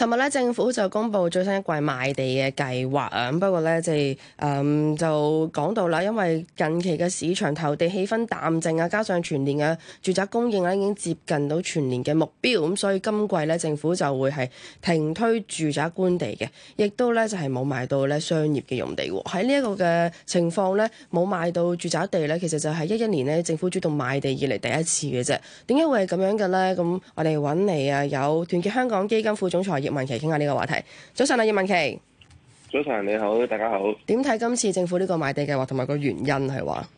尋日咧，政府就公布最新一季賣地嘅計劃啊！不過咧，即係誒就講、嗯、到啦，因為近期嘅市場投地氣氛淡靜啊，加上全年嘅住宅供應咧已經接近到全年嘅目標，咁所以今季咧政府就會係停推住宅官地嘅，亦都咧就係冇賣到咧商業嘅用地喎。喺呢一個嘅情況咧，冇賣到住宅地咧，其實就係一一年咧政府主動賣地以嚟第一次嘅啫。點解會係咁樣嘅咧？咁我哋搵嚟啊，有團結香港基金副總裁。葉文祺，傾下呢個話題。早上啊，葉文祺，早上你好，大家好。點睇今次政府呢個買地計劃同埋個原因係話？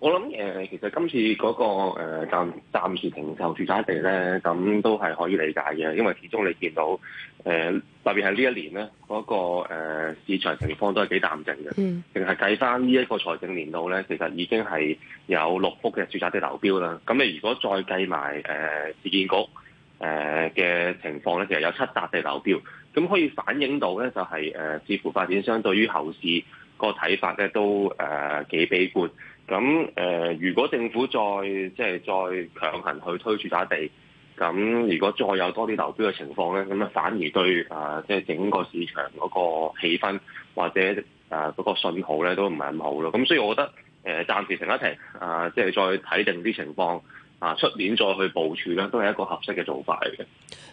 我諗誒，其實今次嗰、嗰個誒暫、呃、暫時停售住，住宅地咧，咁都係可以理解嘅，因為始終你見到誒、呃，特別係呢一年咧，嗰、嗰個、呃、市場情況都係幾淡靜嘅。嗯。淨係計翻呢一個財政年度咧，其實已經係有六幅嘅住宅地流標啦。咁你如果再計埋誒市建局。誒嘅、呃、情況咧，其實有七笪地流標，咁可以反映到咧，就係誒似乎發展商對於後市個睇法咧，都誒幾、呃、悲觀。咁誒、呃，如果政府再即係再強行去推住宅地，咁如果再有多啲流標嘅情況咧，咁啊反而對啊、呃、即係整個市場嗰個氣氛或者啊嗰、呃那個信號咧，都唔係咁好咯。咁所以我覺得誒、呃、暫時停一停啊、呃，即係再睇定啲情況。啊！出年再去部署咧，都係一個合適嘅做法嚟嘅。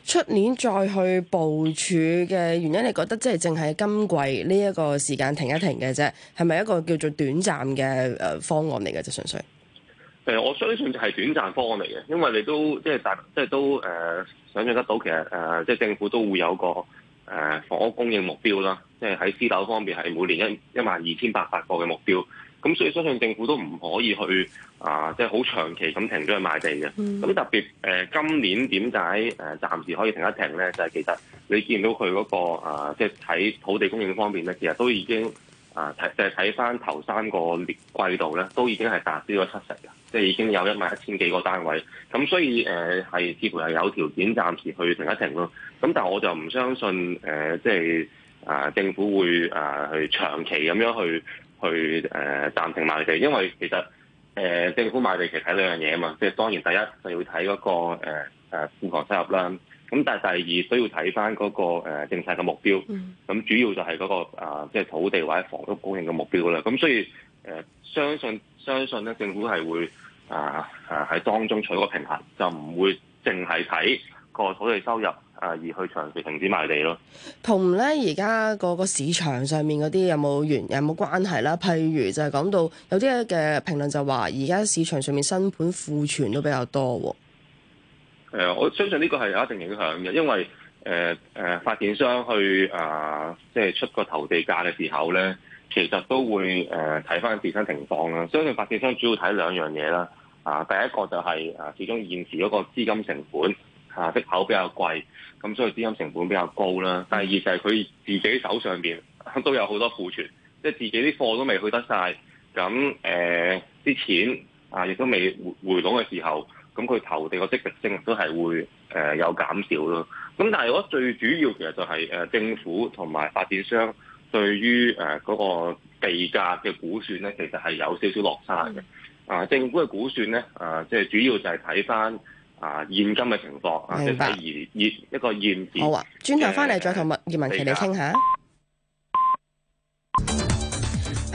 出年再去部署嘅原因，你覺得即係淨係今季呢一個時間停一停嘅啫，係咪一個叫做短暫嘅誒方案嚟嘅啫？純粹誒，我相信就係短暫的方案嚟嘅，因為你都即係大，即係都誒、呃、想像得到，其實誒、呃、即係政府都會有一個、呃、房屋供應目標啦，即係喺私樓方面係每年一一萬二千八百個嘅目標。咁所以相信政府都唔可以去啊，即係好長期咁停咗去賣地嘅。咁、嗯、特別誒，今年點解誒暫時可以停一停咧？就係、是、其實你見到佢嗰、那個，即係喺土地供應方面咧，其實都已經，啊，就係睇翻頭三個列季度咧，都已經係達標咗七成嘅，即、就、係、是、已經有一萬一千幾個單位。咁所以誒係、啊、似乎係有條件暫時去停一停咯。咁但係我就唔相信誒，即係啊、就是、啊政府會啊去長期咁樣去。去誒暫停賣地，因為其實誒政府賣地其實睇兩樣嘢啊嘛，即係當然第一就要睇嗰個誒誒庫房收入啦。咁但係第二都要睇翻嗰個政策嘅目標。咁主要就係嗰、那個即係、就是、土地或者房屋供應嘅目標啦。咁所以誒，相信相信咧，政府係會啊啊喺當中取個平衡，就唔會淨係睇個土地收入。啊！而去長期停止賣地咯，同咧而家個個市場上面嗰啲有冇緣有冇關係啦？譬如就係講到有啲嘅評論就話，而家市場上面新盤庫存都比較多喎、呃。我相信呢個係有一定影響嘅，因為誒誒、呃呃、發展商去啊，即、呃、係、就是、出個投地價嘅時候咧，其實都會誒睇返自身情況啦。相信發展商主要睇兩樣嘢啦。啊、呃，第一個就係、是、啊，始終現時嗰個資金成本。啊，息口比較貴，咁所以資金成本比較高啦。第二就係佢自己手上邊都有好多庫存，即係自己啲貨都未去得晒。咁誒啲錢啊，亦都未回回籠嘅時候，咁佢投地嘅積極性都係會誒有減少咯。咁但係我覺得最主要其實就係誒政府同埋發展商對於誒嗰個地價嘅估算咧，其實係有少少落差嘅。啊，政府嘅估算咧，啊即係主要就係睇返。啊，現金嘅情況啊，即白一個現好啊，轉頭翻嚟再同葉葉文祺你傾下。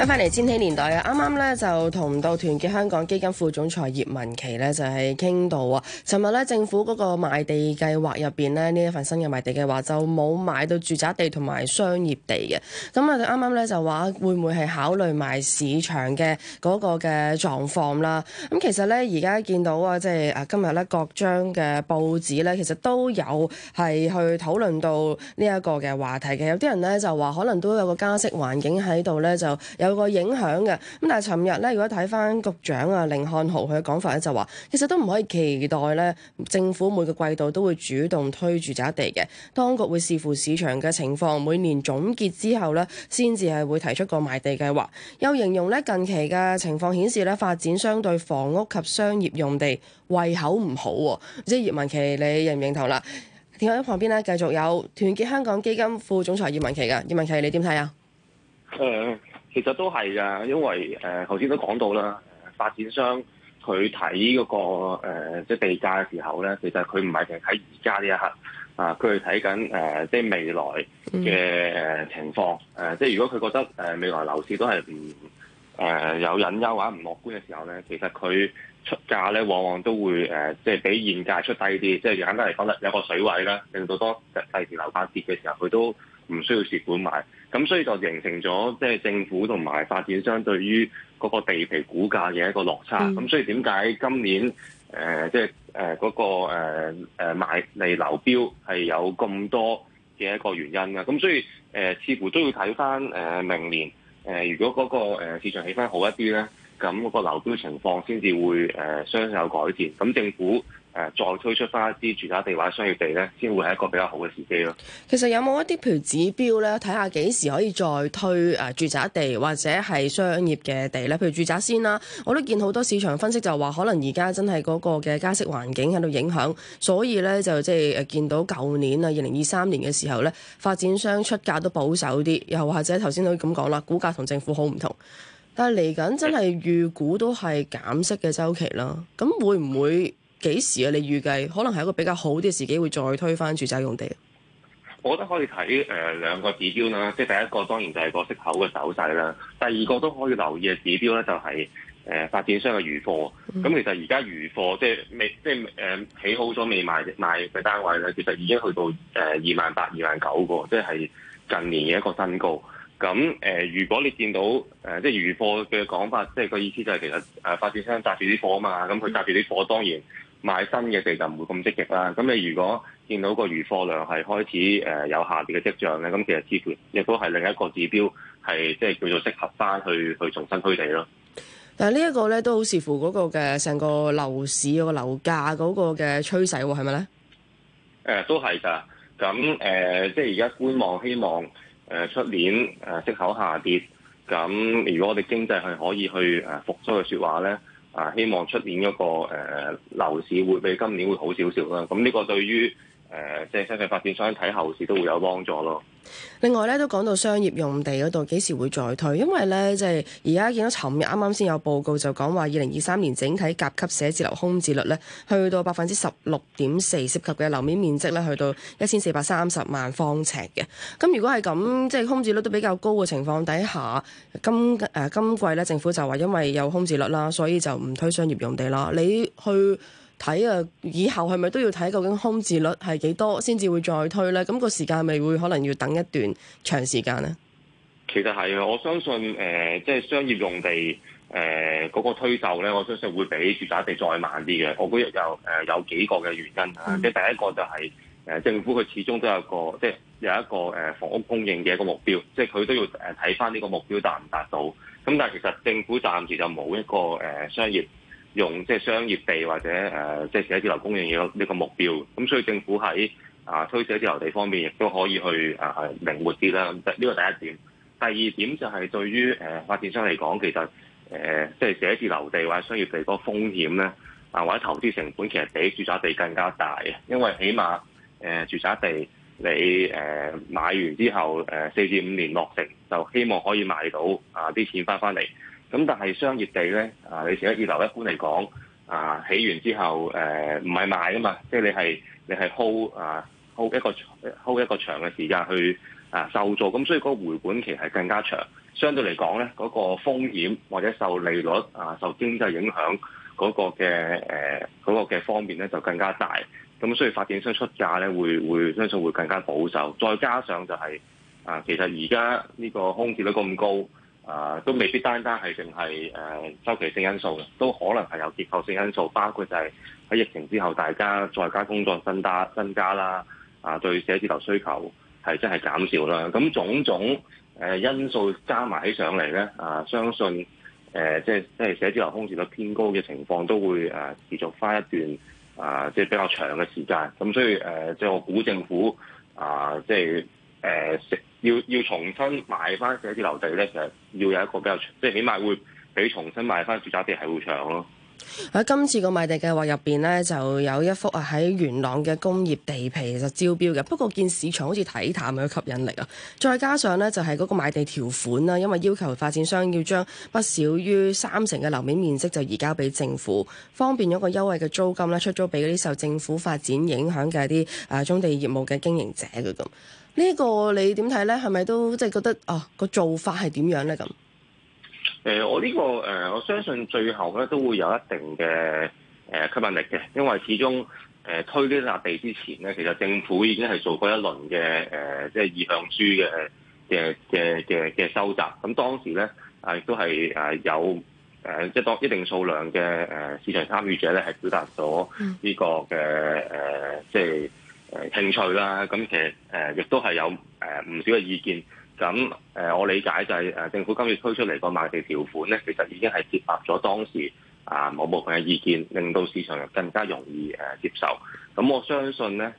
翻返嚟千禧年代啊！啱啱咧就同到團結香港基金副總裁葉文祺咧就係傾到啊！尋日咧政府嗰個賣地計劃入邊咧，呢一份新嘅賣地計劃就冇買到住宅地同埋商業地嘅。咁啊，啱啱咧就話會唔會係考慮埋市場嘅嗰個嘅狀況啦？咁其實咧而家見到啊，即係啊，今日咧各張嘅報紙咧其實都有係去討論到呢一個嘅話題嘅，有啲人咧就話可能都有個加息環境喺度咧就有。有個影響嘅咁，但係尋日咧，如果睇返局長啊，凌漢豪佢嘅講法咧，就話其實都唔可以期待咧，政府每個季度都會主動推住宅地嘅，當局會視乎市場嘅情況，每年總結之後咧，先至係會提出個賣地計劃。又形容咧近期嘅情況顯示咧，發展商對房屋及商業用地胃口唔好，哦，即係葉文祺，你認唔認同啦？田家喺旁邊咧，繼續有團結香港基金副總裁葉文祺㗎，葉文祺你點睇啊？嗯其實都係㗎，因為誒頭先都講到啦，發展商佢睇嗰個誒、呃、即係地價嘅時候咧，其實佢唔係淨係睇而家呢一刻啊，佢係睇緊誒即係未來嘅情況。誒、呃、即係如果佢覺得誒未來樓市都係唔誒有隱憂或者唔樂觀嘅時候咧，其實佢出價咧往往都會誒、呃、即係比現價出低啲，即係簡單嚟講咧有個水位啦。令到當第時樓價跌嘅時候，佢都唔需要蝕本賣，咁所以就形成咗即係政府同埋發展商對於嗰個地皮股價嘅一個落差。咁、嗯、所以點解今年誒即係誒嗰個誒誒賣嚟流標係有咁多嘅一個原因咧？咁所以誒、呃、似乎都要睇翻誒明年誒、呃，如果嗰個市場氣氛好一啲咧。咁嗰個樓價情況先至會誒相、呃、有改善，咁政府、呃、再推出翻一啲住宅地或者商業地咧，先會係一個比較好嘅時機咯。其實有冇一啲譬如指標咧，睇下幾時可以再推住宅地或者係商業嘅地咧？譬如住宅先啦，我都見好多市場分析就話，可能而家真係嗰個嘅加息環境喺度影響，所以咧就即係見到舊年啊、二零二三年嘅時候咧，發展商出價都保守啲，又或者頭先都咁講啦，估價同政府好唔同。但係嚟緊真係預估都係減息嘅週期啦，咁會唔會幾時啊？你預計可能係一個比較好啲嘅時機，會再推返住宅用地。我覺得可以睇誒、呃、兩個指標啦，即係第一個當然就係個息口嘅走勢啦，第二個都可以留意嘅指標咧就係、是、誒、呃、發展商嘅餘貨。咁、嗯、其實而家餘貨即係未即係誒、呃、起好咗未賣賣嘅單位咧，其實已經去到誒二萬八二萬九個，即係近年嘅一個新高。咁誒、呃，如果你見到誒、呃，即係餘貨嘅講法，即係個意思就係其實誒、啊、發展商揸住啲貨啊嘛，咁佢揸住啲貨，當然買新嘅地就唔會咁積極啦。咁你如果見到個餘貨量係開始誒、呃、有下跌嘅跡象咧，咁其實支源亦都係另一個指標，係即係叫做適合翻去去重新推地咯。但係呢一個咧都好視乎嗰個嘅成個樓市嗰、那個樓價嗰個嘅趨勢喎，係咪咧？誒、呃，都係㗎。咁誒、呃，即係而家觀望，希望。誒出年誒息口下跌，咁如果我哋經濟係可以去誒復甦嘅說話咧，啊希望出年嗰個誒樓市會比今年會好少少啦。咁呢個對於～誒，即係商業發展商睇後市都會有幫助咯。另外咧，都講到商業用地嗰度幾時會再推，因為咧，即係而家見到尋日啱啱先有報告就講話，二零二三年整體甲級寫字樓空置率咧，去到百分之十六點四，涉及嘅樓面面積咧，去到一千四百三十萬方呎嘅。咁如果係咁，即係空置率都比較高嘅情況底下，今誒、呃、今季咧，政府就話因為有空置率啦，所以就唔推商業用地啦。你去睇啊！以後係咪都要睇究竟空置率係幾多先至會再推咧？咁、那個時間咪會可能要等一段長時間咧？其實係，我相信誒、呃，即係商業用地誒嗰、呃那個推售咧，我相信會比住宅地再慢啲嘅。我估有誒、呃、有幾個嘅原因啊。即係第一個就係、是、誒、呃、政府佢始終都有個即係有一個誒房屋供應嘅一個目標，即係佢都要誒睇翻呢個目標達唔達到。咁但係其實政府暫時就冇一個誒、呃、商業。用即係商業地或者誒即係寫字樓供應嘅呢個目標，咁所以政府喺啊推寫字樓地方面，亦都可以去啊靈活啲啦。呢個第一點，第二點就係對於誒發展商嚟講，其實誒即係寫字樓地或者商業地嗰個風險咧，啊或者投資成本其實比住宅地更加大嘅，因為起碼誒住宅地你誒買完之後誒四至五年落成，就希望可以賣到啊啲錢翻翻嚟。咁但係商業地咧，啊，你成日二留一般嚟講，啊，起完之後，誒、呃，唔係賣啊嘛，即係你係你係 hold 啊，hold 一個 hold 一個長嘅時間去啊收租。咁所以嗰個回本期係更加長，相對嚟講咧，嗰、那個風險或者受利率啊、受經濟影響嗰個嘅誒嗰個嘅方面咧就更加大，咁所以發展商出價咧會會相信會更加保守，再加上就係、是、啊，其實而家呢個空置率咁高。啊，都未必單單係淨係誒週期性因素嘅，都可能係有結構性因素，包括就係喺疫情之後，大家在家工作增加增加啦，啊，對寫字樓需求係真係減少啦。咁種種誒因素加埋起上嚟咧，啊，相信誒即係即係寫字樓空置率偏高嘅情況都會誒持續返一段啊，即係比較長嘅時間。咁所以誒，即係我估政府啊，即係誒要要重新買翻一啲樓地咧，其實要有一個比較長，即係起碼會比重新買翻住宅地係會長咯。喺、啊、今次個賣地計劃入面呢，就有一幅啊喺元朗嘅工業地皮就招標嘅，不過見市場好似睇淡有吸引力啊。再加上呢，就係、是、嗰個賣地條款啦，因為要求發展商要將不少於三成嘅樓面面積就移交俾政府，方便咗個優惠嘅租金呢，出租俾嗰啲受政府發展影響嘅一啲啊棕地業務嘅經營者嘅咁。呢個你點睇咧？係咪都即係覺得啊個、哦、做法係點樣咧？咁誒、呃，我呢、這個誒、呃，我相信最後咧都會有一定嘅誒、呃、吸引力嘅，因為始終誒、呃、推呢笪地之前咧，其實政府已經係做過一輪嘅誒，即係意向書嘅嘅嘅嘅嘅收集。咁當時咧啊，亦、呃、都係啊有誒、呃，即係多一定數量嘅誒、呃、市場參與者咧，係表達咗呢個嘅誒，即係。興趣啦，咁其實誒亦、呃、都係有誒唔、呃、少嘅意見。咁誒、呃、我理解就係、是呃、政府今次推出嚟個賣地條款咧，其實已經係接納咗當時啊某、呃、部分嘅意見，令到市場又更加容易、呃、接受。咁我相信咧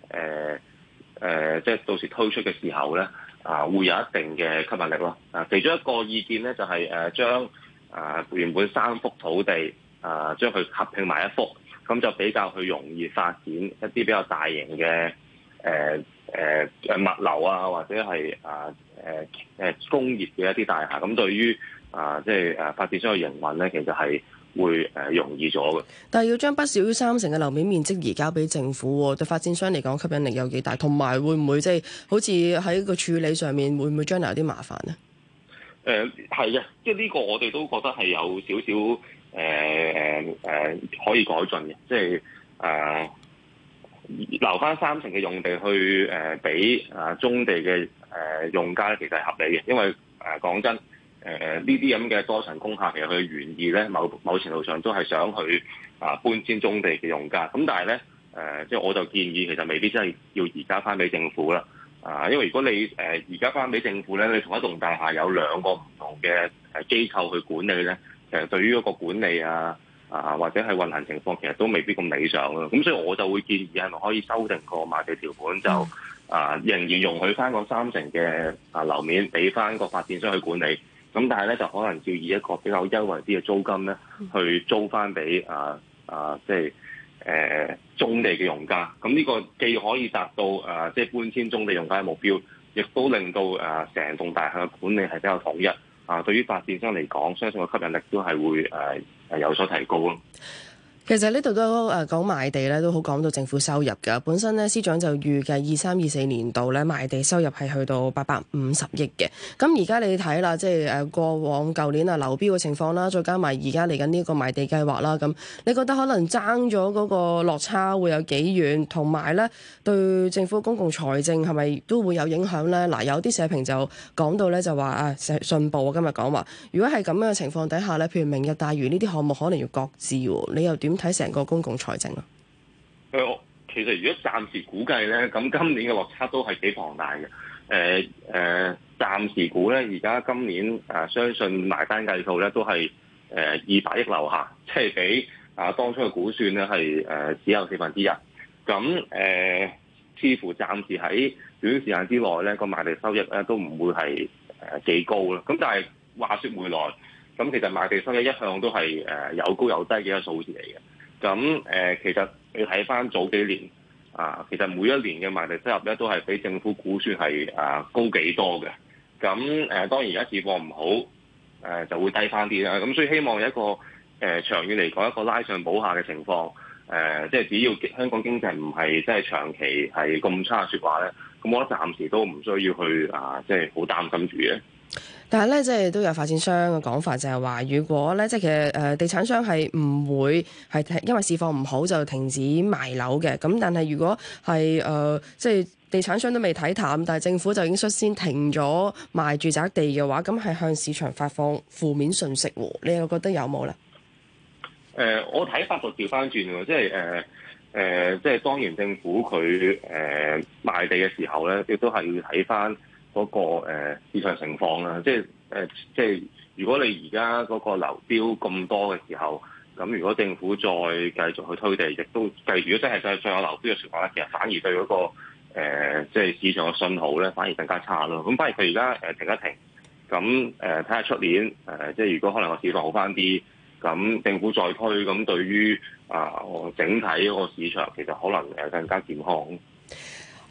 誒即係到時推出嘅時候咧啊、呃，會有一定嘅吸引力咯。啊、呃，其中一個意見咧就係、是、誒將啊、呃、原本三幅土地啊、呃、將佢合併埋一幅，咁就比較去容易發展一啲比較大型嘅。誒誒誒物流啊，或者係啊誒誒工業嘅一啲大廈，咁對於啊、呃、即係誒發展商嘅營運咧，其實係會誒、呃、容易咗嘅。但係要將不少於三成嘅樓面面積移交俾政府，啊，對發展商嚟講吸引力有幾大？同埋會唔會即係、就是、好似喺個處理上面會唔會將來有啲麻煩呢？誒係啊，即係呢個我哋都覺得係有少少誒誒誒可以改進嘅，即係啊。呃留翻三成嘅用地去誒俾啊棕地嘅誒用家咧，其實係合理嘅，因為誒講真誒呢啲咁嘅多層工客，其實佢願意咧，某某程度上都係想去啊搬遷棕地嘅用家。咁但係咧誒，即係我就建議，其實未必真係要而家翻俾政府啦啊，因為如果你誒而家翻俾政府咧，你同一棟大廈有兩個唔同嘅機構去管理咧，其實對於嗰個管理啊～啊，或者係運行情況，其實都未必咁理想咯。咁所以我就會建議係咪可以修訂個賣地條款，就、嗯、啊仍然容許翻個三成嘅啊樓面俾翻個發展商去管理。咁但係咧就可能要以一個比較優惠啲嘅租金咧，去租翻俾啊啊即係誒、啊、棕地嘅用家。咁呢個既可以達到誒即係搬遷棕地用家嘅目標，亦都令到誒成棟大廈嘅管理係比較統一。啊，對於發展商嚟講，相信個吸引力都係會誒。啊有所提高咯。其實呢度都誒講賣地咧，都好講到政府收入噶。本身咧司長就預計二三二四年度咧賣地收入係去到八百五十億嘅。咁而家你睇啦，即係誒過往舊年啊流標嘅情況啦，再加埋而家嚟緊呢個賣地計劃啦。咁你覺得可能爭咗嗰個落差會有幾遠？同埋咧對政府公共財政係咪都會有影響咧？嗱、啊，有啲社評就講到咧就話啊信報啊今日講話，如果係咁樣嘅情況底下咧，譬如明日大嶼呢啲項目可能要擱置，你又點？點睇成個公共財政啊？誒，其實如果暫時估計咧，咁今年嘅落差都係幾龐大嘅。誒、呃、誒，暫時估咧，而家今年誒、呃，相信埋單計數咧都係誒二百億樓下，即係比啊當初嘅估算咧係誒只有四分之一。咁誒、呃，似乎暫時喺短時間之內咧，個賣地收益咧都唔會係誒幾高啦。咁但係話說回來。咁其實賣地收益一向都係誒有高有低嘅一個數字嚟嘅。咁誒、呃、其實你睇翻早幾年啊，其實每一年嘅賣地收入咧都係比政府估算係啊高幾多嘅。咁誒、啊、當然而家市況唔好誒、啊、就會低翻啲啦。咁所以希望有一個誒、呃、長遠嚟講一個拉上補下嘅情況誒，即、啊、係、即係、只要香港經濟唔係即係長期係咁差説話咧，咁我覺得暫時都唔需要去啊，即係好擔心住嘅。但係咧，即係都有發展商嘅講法，就係、是、話如果咧，即係其實誒，地產商係唔會係因為市況唔好就停止賣樓嘅。咁但係如果係誒，即、呃、係地產商都未睇淡，但係政府就已經率先停咗賣住宅地嘅話，咁係向市場發放負面訊息。你又覺得有冇咧？誒、呃，我睇法就調翻轉，即係誒誒，即係當然政府佢誒、呃、賣地嘅時候咧，亦都係要睇翻。嗰、那個、呃、市場情況啦，即係、呃、即如果你而家嗰個流標咁多嘅時候，咁如果政府再繼續去推地，亦都繼住，如果真係再有流標嘅情況咧，其實反而對嗰、那個、呃、即係市場嘅信號咧，反而更加差咯。咁反而佢而家停一停，咁誒睇下出年、呃、即係如果可能個市場好返啲，咁政府再推，咁對於啊我、呃、整體個市場其實可能誒更加健康。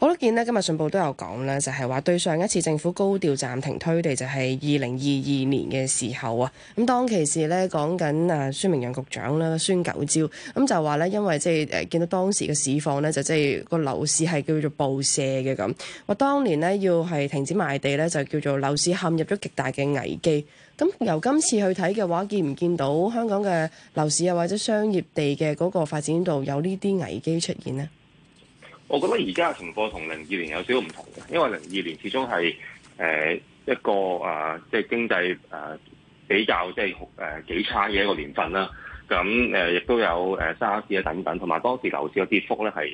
我多見呢，今日信報都有講啦。就係話對上一次政府高調暫停推地就係二零二二年嘅時候啊，咁當其時咧講緊啊孫明揚局長啦，孫九招，咁就話咧因為即係誒見到當時嘅市況咧，就即係個樓市係叫做暴瀉嘅咁，話當年咧要係停止賣地咧，就叫做樓市陷入咗極大嘅危機。咁由今次去睇嘅話，見唔見到香港嘅樓市啊或者商業地嘅嗰個發展度有呢啲危機出現呢？我覺得而家嘅情況同零二年有少少唔同嘅，因為零二年始終係誒一個啊，即係經濟誒、啊、比較即係誒幾差嘅一個年份啦。咁誒亦都有誒沙士啊等等，同埋當時樓市嘅跌幅咧係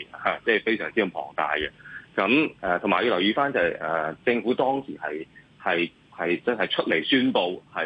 即係非常之咁龐大嘅。咁誒同埋要留意翻就係、是、誒、啊、政府當時係係係真係出嚟宣佈係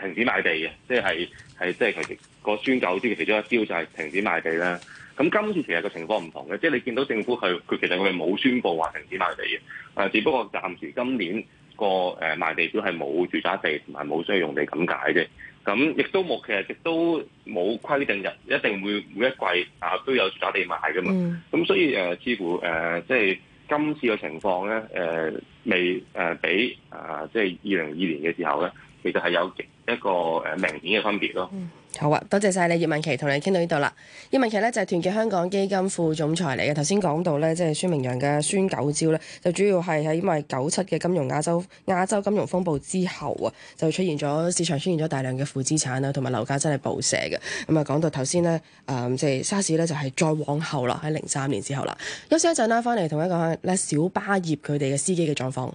停止賣地嘅，即係係即係佢哋個孫九招嘅其中一招就係停止賣地啦。咁今次其實個情況唔同嘅，即係你見到政府佢佢其實佢冇宣布話停止賣地嘅、呃，只不過暫時今年、個誒、呃、賣地表係冇住宅地同埋冇商業用地咁解啫。咁亦都冇，其實亦都冇規定人一定會每一季啊都有住宅地賣噶嘛。咁、嗯、所以、呃、似乎、呃、即係今次嘅情況咧、呃，未誒、呃、比、呃、即係二零二年嘅時候咧，其實係有一個誒明顯嘅分別咯、嗯。好啊，多謝晒。你，葉文祺，同你傾到呢度啦。葉文祺咧就係、是、團結香港基金副總裁嚟嘅。頭先講到咧，即、就、係、是、孫明揚嘅孫九招咧，就主要係喺因為九七嘅金融亞洲亞洲金融風暴之後啊，就出現咗市場出現咗大量嘅負資產啦，同埋樓價真係暴瀉嘅。咁、嗯、啊，講到頭先咧，誒即係沙士咧就係、是就是、再往後啦，喺零三年之後啦。休息一陣啦，翻嚟同一講下咧小巴業佢哋嘅司機嘅狀況。